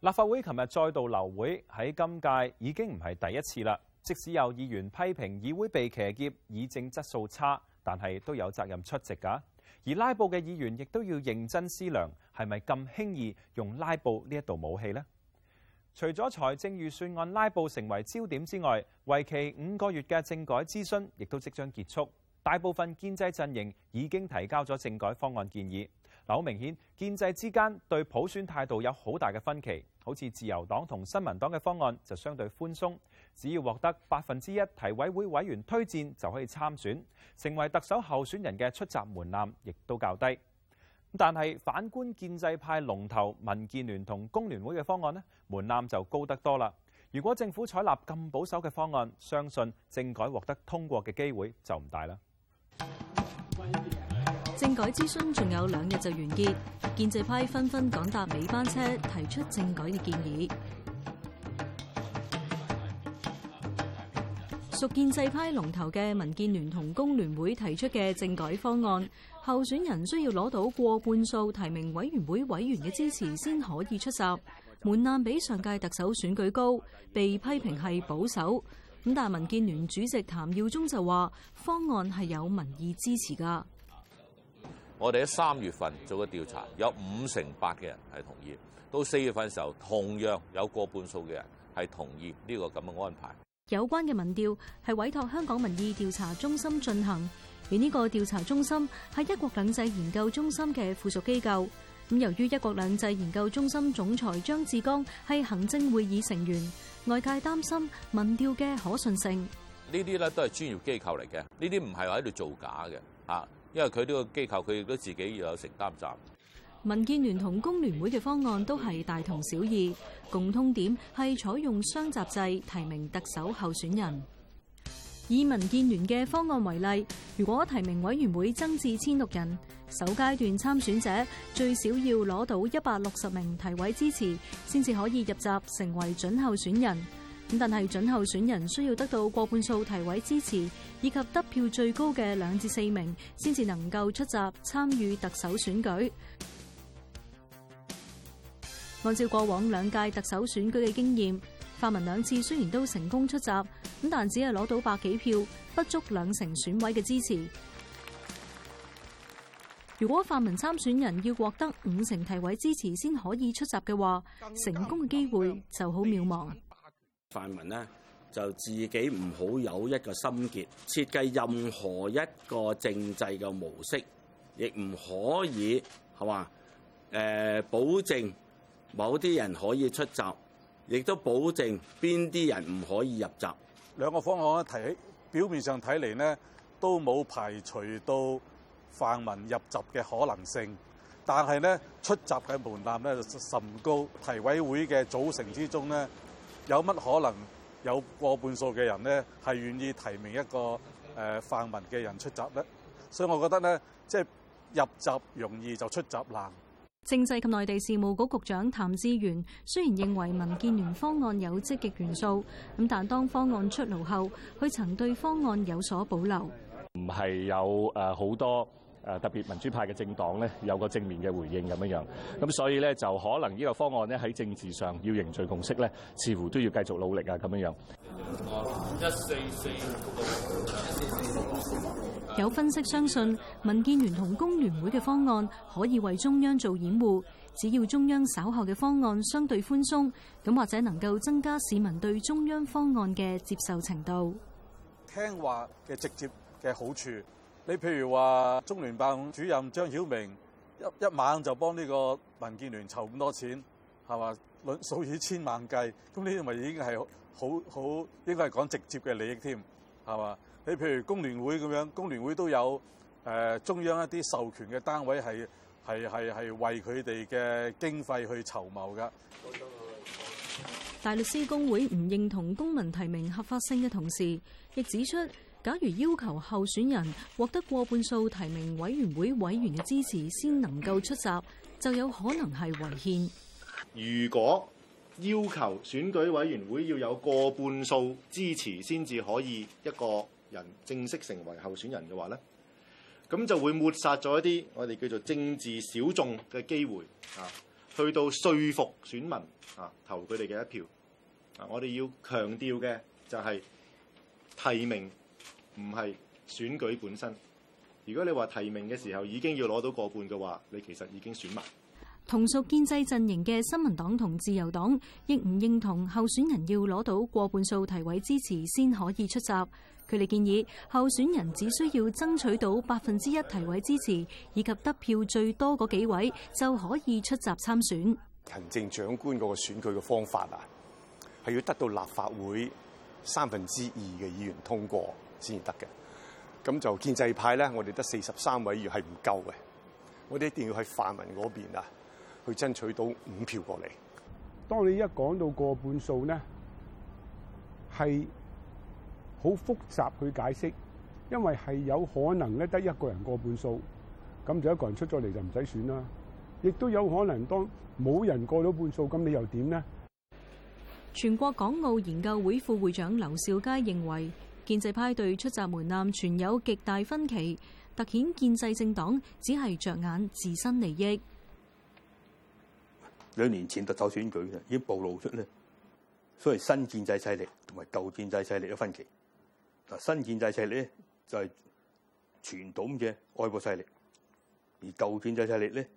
立法會琴日再度流會，喺今屆已經唔係第一次啦。即使有議員批評議會被騎劫、議政質素差，但係都有責任出席噶。而拉布嘅議員亦都要認真思量，係咪咁輕易用拉布呢一道武器呢？除咗財政預算案拉布成為焦點之外，為期五個月嘅政改諮詢亦都即將結束。大部分建制陣營已經提交咗政改方案建議，嗱，好明顯建制之間對普選態度有好大嘅分歧。好似自由黨同新民黨嘅方案就相對寬鬆，只要獲得百分之一提委會委員推薦就可以參選成為特首候選人嘅出閘門檻亦都較低。但係反觀建制派龍頭民建聯同工聯會嘅方案咧門檻就高得多啦。如果政府採納咁保守嘅方案，相信政改獲得通過嘅機會就唔大啦。政改諮詢仲有兩日就完結，建制派紛紛趕搭尾班車提出政改嘅建議。屬建制派龍頭嘅民建聯同工聯會提出嘅政改方案，候選人需要攞到過半數提名委員會委員嘅支持先可以出閘，門檻比上屆特首選舉高，被批評係保守。咁但係民建聯主席譚耀宗就話方案係有民意支持噶。我哋喺三月份做過調查，有五成八嘅人係同意。到四月份時候，同樣有過半數嘅人係同意呢個咁嘅安排。有關嘅民調係委託香港民意調查中心進行，而呢個調查中心係一國兩制研究中心嘅附屬機構。咁由於一國兩制研究中心總裁張志剛係行政會議成員。外界擔心民調嘅可信性，呢啲咧都係專業機構嚟嘅，呢啲唔係喺度做假嘅，嚇，因為佢呢個機構佢亦都自己要有承擔責任。民建聯同工聯會嘅方案都係大同小異，共通點係採用雙閘制提名特首候選人。以民建聯嘅方案為例，如果提名委員會增至千六人，首階段參選者最少要攞到一百六十名提委支持，先至可以入閘成為準候選人。咁但係準候選人需要得到過半數提委支持，以及得票最高嘅兩至四名，先至能夠出閘參與特首選舉。按照過往兩屆特首選舉嘅經驗，泛民兩次雖然都成功出閘。咁但只係攞到百幾票，不足兩成選委嘅支持。如果泛民參選人要獲得五成提委支持先可以出閘嘅話，成功嘅機會就好渺茫。泛民呢，就自己唔好有一個心結，設計任何一個政制嘅模式，亦唔可以係嘛？誒、呃，保證某啲人可以出閘，亦都保證邊啲人唔可以入閘。兩個方案咧，提起表面上睇嚟咧，都冇排除到泛民入閘嘅可能性，但係咧出閘嘅門檻咧就甚高。提委會嘅組成之中咧，有乜可能有過半數嘅人咧係願意提名一個誒、呃、泛民嘅人出閘呢？所以我覺得咧，即係入閘容易就出閘難。政制及內地事務局局長譚志源雖然認為民建聯方案有積極元素，咁但當方案出爐後，佢曾對方案有所保留。唔係有誒好多誒特別民主派嘅政黨有個正面嘅回應咁樣樣，咁所以呢，就可能呢個方案咧喺政治上要凝聚共識呢，似乎都要繼續努力啊咁樣樣。有分析相信，民建聯同工聯會嘅方案可以為中央做掩護，只要中央稍後嘅方案相對寬鬆，咁或者能夠增加市民對中央方案嘅接受程度。聽話嘅直接嘅好處，你譬如話中聯辦主任張曉明，一一晚就幫呢個民建聯籌咁多錢，係嘛？論數以千萬計，咁呢？認為已經係好好，應該係講直接嘅利益添，係嘛？你譬如工聯會咁樣，工聯會都有誒、呃、中央一啲授權嘅單位係係係係為佢哋嘅經費去籌謀噶。大律師公會唔認同公民提名合法性嘅同時，亦指出，假如要求候選人獲得過半數提名委員會委員嘅支持先能夠出閘，就有可能係違憲。如果要求選舉委員會要有過半數支持先至可以一個人正式成為候選人嘅話呢，咁就會抹殺咗一啲我哋叫做政治小眾嘅機會嚇，去到說服選民嚇投佢哋嘅一票啊。我哋要強調嘅就係提名唔係選舉本身。如果你話提名嘅時候已經要攞到過半嘅話，你其實已經選埋。同屬建制陣營嘅新民黨同自由黨亦唔認同候選人要攞到過半數提委支持先可以出閘。佢哋建議候選人只需要爭取到百分之一提委支持，以及得票最多嗰幾位就可以出閘參選。行政長官嗰個選舉嘅方法啊，係要得到立法會三分之二嘅議員通過先至得嘅。咁就建制派咧，我哋得四十三位議員係唔夠嘅，我哋一定要喺泛民嗰邊啊，去爭取到五票過嚟。當你一講到過半數呢，係好複雜去解釋，因為係有可能咧得一個人過半數，咁就一個人出咗嚟就唔使選啦。亦都有可能當冇人過到半數，咁你又點呢？全國港澳研究會副會長劉兆佳認為，建制派對出閘門檻存有極大分歧，凸顯建制政黨只係着眼自身利益。兩年前特首選舉已經暴露出咧所謂新建制勢力同埋舊建制勢力嘅分歧。嗱，新建制勢力咧就係傳統嘅愛國勢力，而舊建制勢力咧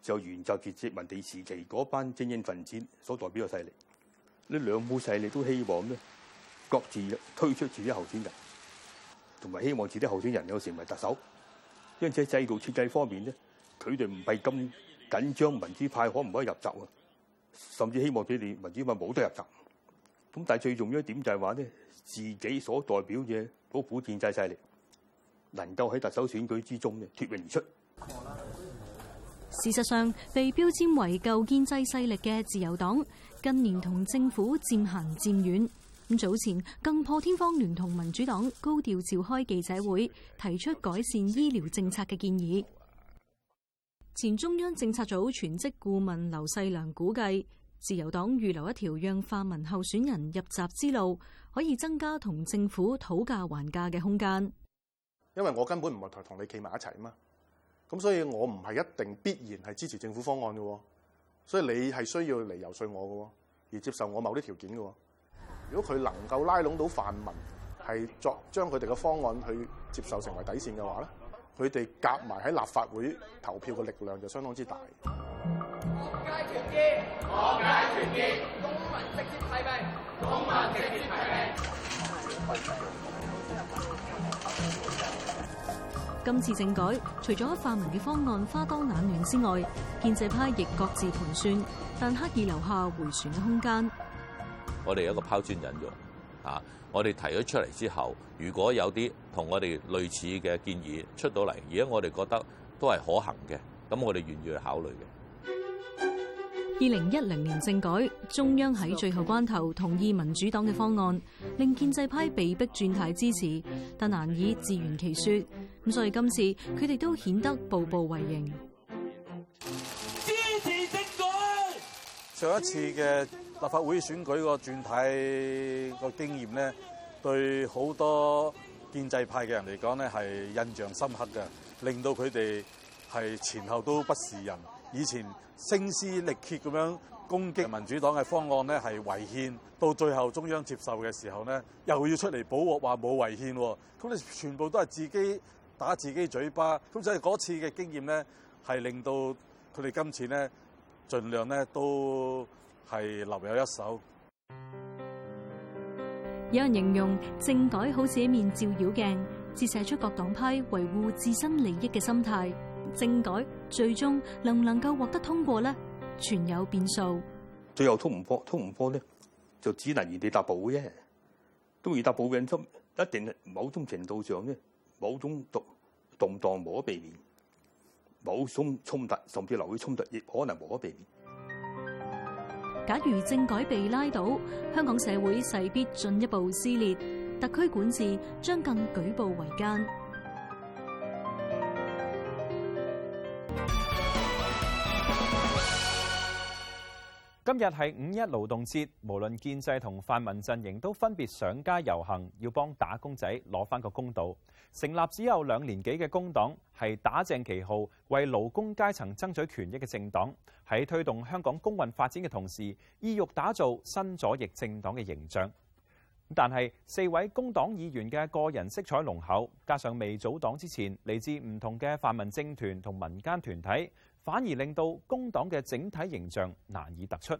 就原殖民殖民地時期嗰班精英分子所代表嘅勢力。呢兩股勢力都希望咧各自推出自己候選人，同埋希望自己候選人有成為特首。因為喺制度設計方面咧，佢哋唔係咁緊張民主派可唔可以入閘喎？甚至希望佢哋民主派冇得入閘。咁但係最重要一點就係話呢自己所代表嘅嗰股建制勢力能夠喺特首選舉之中呢脫穎而出。事實上，被標籤為舊建制勢力嘅自由黨近年同政府漸行漸遠。咁早前更破天荒聯同民主黨高調召開記者會，提出改善醫療政策嘅建議。前中央政策組全職顧問劉細良估計，自由黨預留一條讓泛民候選人入閘之路，可以增加同政府討價還價嘅空間。因為我根本唔係同你企埋一齊啊嘛，咁所以我唔係一定必然係支持政府方案嘅，所以你係需要嚟遊說我嘅，而接受我某啲條件嘅。如果佢能夠拉攏到泛民，係作將佢哋嘅方案去接受成為底線嘅話咧？佢哋夾埋喺立法會投票嘅力量就相當之大。國家權變，我解權變，公民直接提名，公民直接提名。今次政改，除咗泛民嘅方案花多眼亂之外，建制派亦各自盤算，但刻意留下回旋嘅空間。我哋有個拋磚引玉。啊！我哋提咗出嚟之後，如果有啲同我哋類似嘅建議出到嚟，而家我哋覺得都係可行嘅，咁我哋願意去考慮嘅。二零一零年政改，中央喺最後關頭同意民主黨嘅方案，令建制派被迫轉態支持，但難以自圓其說。咁所以今次佢哋都顯得步步為營。支持政改。上一次嘅。立法會選舉個轉軚個經驗咧，對好多建制派嘅人嚟講咧係印象深刻嘅，令到佢哋係前後都不是人。以前聲嘶力竭咁樣攻擊民主黨嘅方案咧係違憲，到最後中央接受嘅時候咧又要出嚟補鑊話冇違憲，咁你全部都係自己打自己嘴巴。咁所以嗰次嘅經驗咧係令到佢哋今次咧盡量咧都。係留有一手。有人形容政改好似一面照妖鏡，折射出各黨派維護自身利益嘅心態。政改最終能唔能夠獲得通過咧，全有變數。最後通唔過，通唔過咧，就只能原地踏步啫。都原地踏步嘅引一定係某種程度上嘅某種動盪，無可避免。某種衝突甚至流血衝突，亦可能無可避免。假如政改被拉倒，香港社會勢必進一步撕裂，特區管治將更舉步維艱。今日係五一勞動節，無論建制同泛民陣營都分別上街遊行，要幫打工仔攞翻個公道。成立只有兩年幾嘅工黨，係打正旗號為勞工階層爭取權益嘅政黨，喺推動香港工運發展嘅同時，意欲打造新左翼政黨嘅形象。但係四位工黨議員嘅個人色彩濃厚，加上未組黨之前嚟自唔同嘅泛民政團同民間團體。反而令到工黨嘅整體形象難以突出。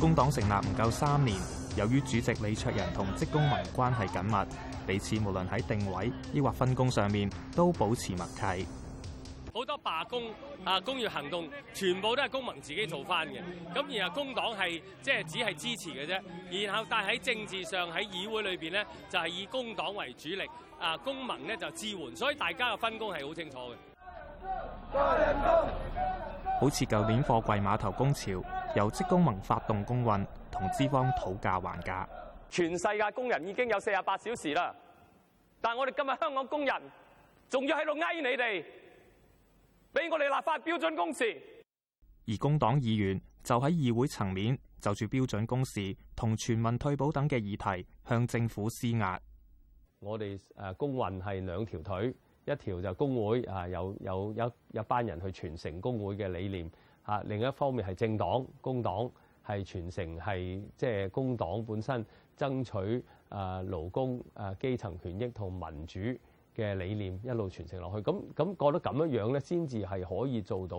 工黨成立唔夠三年。由於主席李卓人同職工盟關係緊密，彼此無論喺定位抑或分工上面，都保持默契。好多罷工啊，工業行動全部都係工盟自己做翻嘅，咁然後工黨係即係只係支持嘅啫。然後但係喺政治上喺議會裏邊呢，就係以工黨為主力啊，工盟咧就支援，所以大家嘅分工係好清楚嘅。好似舊年貨櫃碼頭工潮，由職工盟發動工運。同資方討價還價。全世界工人已經有四十八小時啦，但係我哋今日香港工人仲要喺度哀你哋，俾我哋立法標準工時。而工黨議員就喺議會層面就住標準工時同全民退保等嘅議題向政府施壓。我哋誒工運係兩條腿，一條就工會啊，有有一一班人去傳承工會嘅理念嚇；另一方面係政黨工黨。係傳承係即係工黨本身爭取啊勞工啊基層權益同民主嘅理念一路傳承落去。咁咁覺得咁樣樣咧，先至係可以做到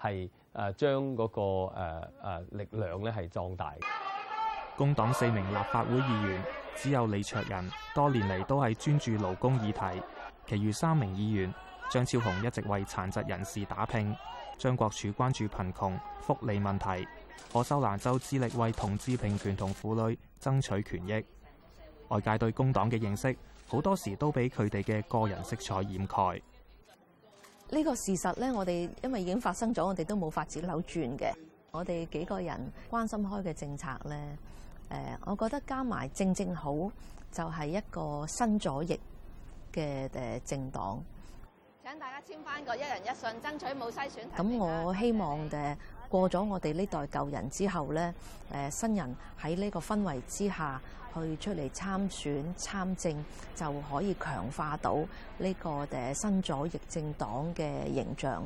係啊將嗰個誒誒力量咧係壯大。工黨四名立法會議員，只有李卓人多年嚟都係專注勞工議題，其餘三名議員，張超雄一直為殘疾人士打拼，張國柱關注貧窮福利問題。何秀蘭就致力為同志平權同婦女爭取權益。外界對工黨嘅認識，好多時都俾佢哋嘅個人色彩掩蓋。呢個事實咧，我哋因為已經發生咗，我哋都冇法子扭轉嘅。我哋幾個人關心開嘅政策咧，誒，我覺得加埋正正好就係一個新左翼嘅誒政黨。請大家簽翻個一人一信，爭取冇篩選。咁我希望嘅。過咗我哋呢代舊人之後呢，誒新人喺呢個氛圍之下去出嚟參選參政，就可以強化到呢個誒新左翼政黨嘅形象。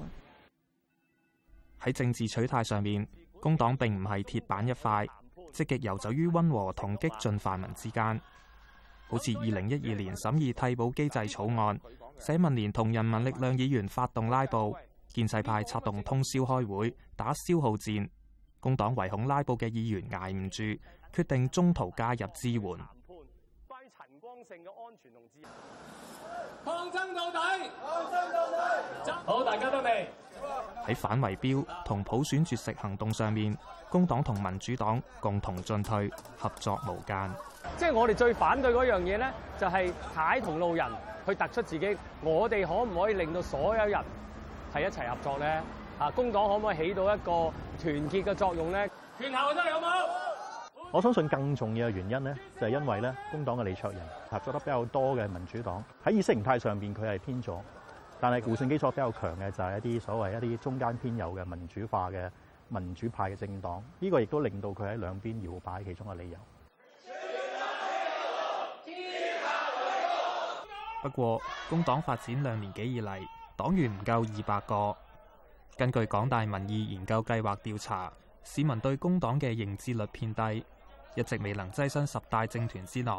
喺政治取態上面，工黨並唔係鐵板一塊，積極遊走於溫和同激進泛民之間。好似二零一二年審議替補機制草案，社民連同人民力量議員發動拉布。建制派策動通宵開會打消耗戰，工黨唯恐拉布嘅議員挨唔住，決定中途加入支援。抗爭到底，抗爭到底。好，大家得未？喺反圍標同普選絕食行動上面，工黨同民主黨共同進退，合作無間。即係我哋最反對嗰樣嘢咧，就係踩同路人去突出自己。我哋可唔可以令到所有人？係一齊合作咧，啊工黨可唔可以起到一個團結嘅作用咧？團下先有好。我相信更重要嘅原因咧，就係、是、因為咧，工黨嘅李卓人合作得比較多嘅民主黨，喺意識形態上面，佢係偏左，但係互信基礎比較強嘅就係一啲所謂一啲中間偏右嘅民主化嘅民主派嘅政黨，呢、這個亦都令到佢喺兩邊搖擺其中嘅理由。不過，工黨發展兩年幾以嚟。黨員唔夠二百個，根據港大民意研究計劃調查，市民對工黨嘅認知率偏低，一直未能躋身十大政團之內。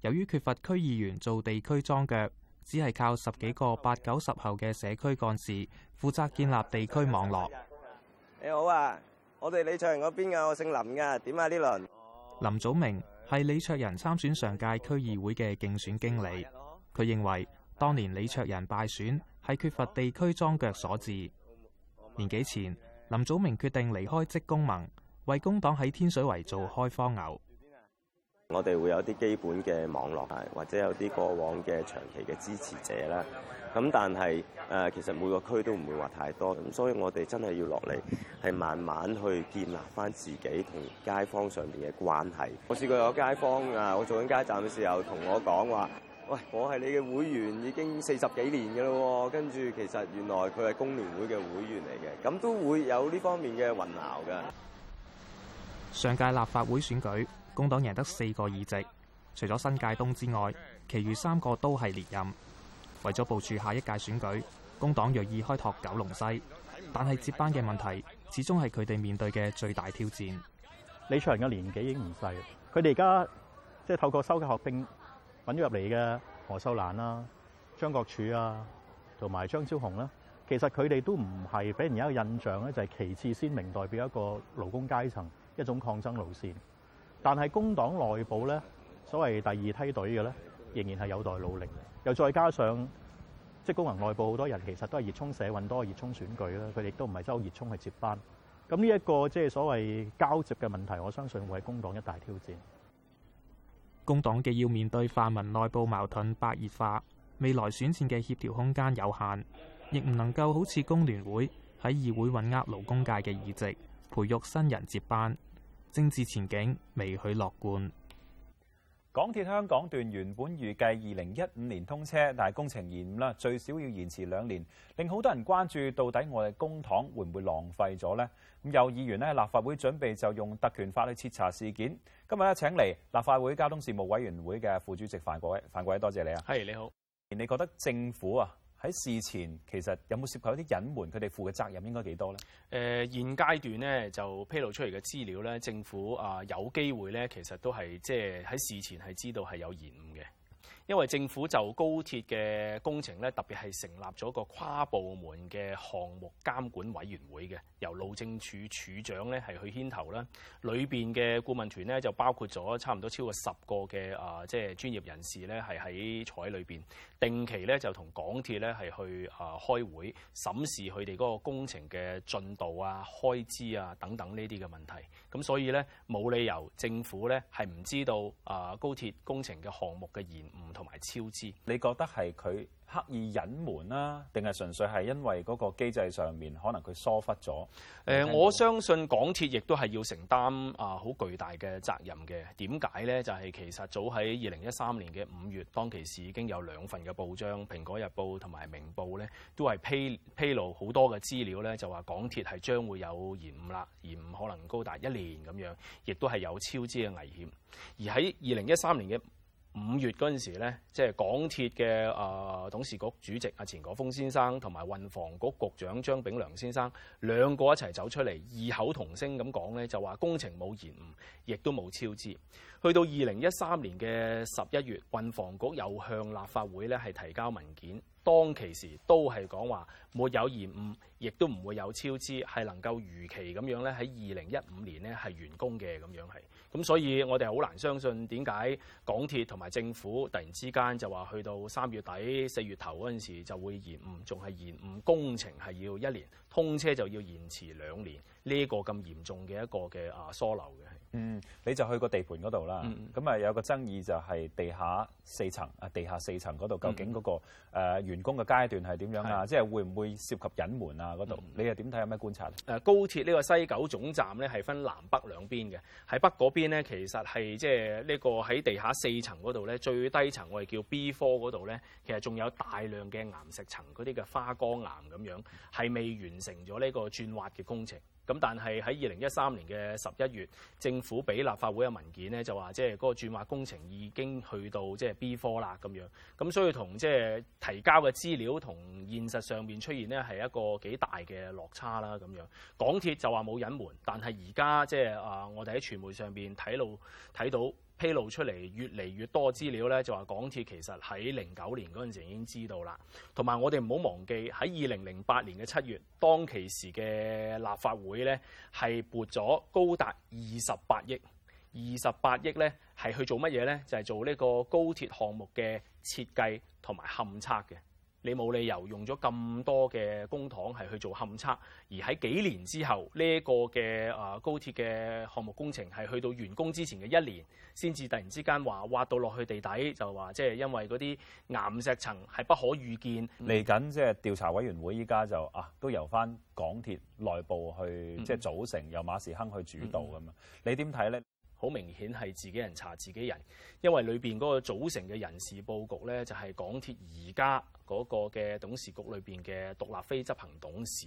由於缺乏區議員做地區裝腳，只係靠十幾個八九十後嘅社區幹事負責建立地區網絡。你好啊，我哋李卓人嗰邊嘅，我姓林噶，點啊呢輪？林祖明係李卓人參選上屆區議會嘅競選經理，佢認為。當年李卓人敗選，係缺乏地區樁腳所致。年幾前，林祖明決定離開職工盟，為工黨喺天水圍做開荒牛。我哋會有啲基本嘅網絡，或者有啲過往嘅長期嘅支持者啦。咁但係誒、呃，其實每個區都唔會話太多。咁所以我哋真係要落嚟，係慢慢去建立返自己同街坊上面嘅關係。我試過有街坊啊，我做緊街站嘅時候同我講話。喂，我係你嘅會員已經四十幾年嘅咯喎，跟住其實原來佢係工聯會嘅會員嚟嘅，咁都會有呢方面嘅混淆嘅。上屆立法會選舉，工黨贏得四個議席，除咗新界東之外，其餘三個都係連任。為咗部署下一屆選舉，工黨鋭意開拓九龍西，但係接班嘅問題，始終係佢哋面對嘅最大挑戰。李卓人嘅年紀已經唔細，佢哋而家即係透過收嘅學兵。揾咗入嚟嘅何秀蘭啦、啊、張國柱啊，同埋張超雄啦、啊，其實佢哋都唔係俾人有一個印象咧，就係其次鮮明，代表一個勞工階層一種抗爭路線。但係工黨內部咧，所謂第二梯隊嘅咧，仍然係有待努力。又再加上即工人內部好多人，其實都係熱衷社運，多熱衷選舉啦。佢哋都唔係周熱衷去接班。咁呢一個即所謂交接嘅問題，我相信會係工黨一大挑戰。工黨既要面對泛民內部矛盾白熱化，未來選戰嘅協調空間有限，亦唔能夠好似工聯會喺議會穩握勞工界嘅議席，培育新人接班，政治前景未許樂觀。港鐵香港段原本預計二零一五年通車，但係工程延誤啦，最少要延遲兩年，令好多人關注到底我哋公帑會唔會浪費咗呢？咁有議員呢，立法會準備就用特權法去徹查事件。今日呢，請嚟立法會交通事務委員會嘅副主席范國威，范國威，多謝你啊。係，你好，你覺得政府啊？喺事前其實有冇涉及一啲隱瞞？佢哋負嘅責任應該幾多咧？誒、呃，現階段咧就披露出嚟嘅資料咧，政府啊有機會咧，其實都係即係喺事前係知道係有延誤嘅。因為政府就高鐵嘅工程咧，特別係成立咗個跨部門嘅項目監管委員會嘅，由路政署署長咧係去牽頭啦。裏邊嘅顧問團咧就包括咗差唔多超過十個嘅啊，即係專業人士咧係喺坐喺裏邊，定期咧就同港鐵咧係去啊開會審視佢哋嗰個工程嘅進度啊、開支啊等等呢啲嘅問題。咁所以咧冇理由政府咧係唔知道啊高鐵工程嘅項目嘅延誤。同埋超支，你覺得係佢刻意隱瞞啦，定係純粹係因為嗰個機制上面可能佢疏忽咗？誒、嗯，我相信港鐵亦都係要承擔啊好巨大嘅責任嘅。點解咧？就係、是、其實早喺二零一三年嘅五月，當其時已經有兩份嘅報章，《蘋果日報》同埋《明報》咧，都係披露好多嘅資料咧，就話港鐵係將會有延誤啦，延誤可能高達一年咁樣，亦都係有超支嘅危險，而喺二零一三年嘅五月嗰陣時咧，即係港鐵嘅誒董事局主席阿錢果豐先生同埋運防局局長張炳良先生兩個一齊走出嚟，異口同聲咁講呢，就話工程冇延誤，亦都冇超支。去到二零一三年嘅十一月，運防局又向立法會呢係提交文件，當其時都係講話沒有延誤，亦都唔會有超支，係能夠如期咁樣呢喺二零一五年呢係完工嘅咁樣係。咁所以我哋好難相信點解港鐵同埋政府突然之間就話去到三月底四月頭嗰陣時就會延誤，仲係延誤工程係要一年，通車就要延遲兩年呢？這個咁嚴重嘅一個嘅啊疏漏嘅。嗯，你就去個地盤嗰度啦，咁、嗯、啊、嗯、有個爭議就係地下四層啊，地下四層嗰度究竟嗰個員工嘅階段係點樣啊？嗯嗯即係會唔會涉及隱瞞啊？嗰度、嗯嗯、你又點睇？有咩觀察？誒，高鐵呢個西九總站咧係分南北兩邊嘅，喺北嗰邊咧其實係即係呢個喺地下四層嗰度咧，最低層我哋叫 B4 嗰度咧，其實仲有大量嘅岩石層嗰啲嘅花崗岩咁樣，係未完成咗呢個鑽挖嘅工程。咁但係喺二零一三年嘅十一月，政府俾立法會嘅文件呢，就話，即係嗰個鑽挖工程已經去到即係 B 科啦咁樣。咁所以同即係提交嘅資料同現實上面出現呢，係一個幾大嘅落差啦咁樣。港鐵就話冇隱瞞，但係而家即係啊，我哋喺傳媒上面睇到睇到，披露出嚟越嚟越多資料咧，就話港鐵其實喺零九年嗰陣時已經知道啦。同埋我哋唔好忘記喺二零零八年嘅七月，當其時嘅立法會呢係撥咗高達二十八億，二十八億呢係去做乜嘢呢？就係、是、做呢個高鐵項目嘅設計同埋勘測嘅。你冇理由用咗咁多嘅公帑係去做勘測，而喺幾年之後呢，呢個嘅高鐵嘅項目工程係去到完工之前嘅一年，先至突然之間話挖到落去地底，就話即係因為嗰啲岩石層係不可預見嚟緊。即係調查委員會依家就啊，都由翻港鐵內部去即係，就是，組成，嗯，由馬時亨去主導咁樣，嗯、你點睇咧？好明顯係自己人查自己人，因為裏面嗰個組成嘅人事布局咧，就係港鐵而家嗰個嘅董事局裏面嘅獨立非執行董事。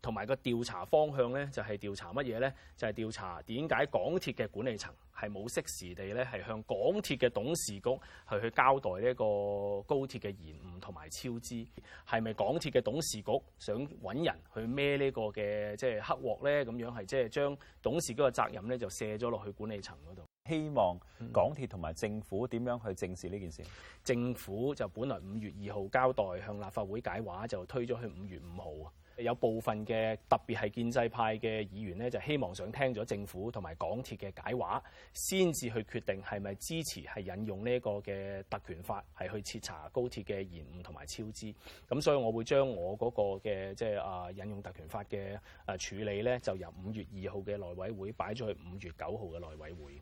同埋個調查方向咧，就係調查乜嘢咧？就係調查點解港鐵嘅管理層係冇適時地咧，係向港鐵嘅董事局係去交代呢一個高鐵嘅延誤同埋超支，係咪港鐵嘅董事局想揾人去孭呢個嘅即係黑鑊咧？咁樣係即係將董事局嘅責任咧就卸咗落去管理層嗰度。希望港鐵同埋政府點樣去正視呢件事？嗯，嗯，政府就本來五月二號交代向立法會解話，就推咗去五月五號啊。有部分嘅特別係建制派嘅議員咧，就希望想聽咗政府同埋港鐵嘅解話先至去決定係咪支持係引用呢個嘅特權法係去徹查高鐵嘅延誤同埋超支。咁所以，我會將我嗰個嘅即係啊引用特權法嘅誒、啊、處理咧，就由五月二號嘅內委會擺咗去五月九號嘅內委會。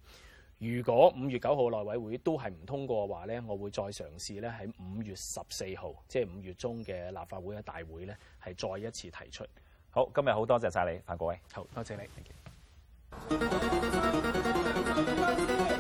如果五月九號內委會都係唔通過嘅話呢，我會再嘗試呢，喺五月十四號，即係五月中嘅立法會嘅大會呢，係再一次提出。好，今日好多謝晒你，各位。好多謝你。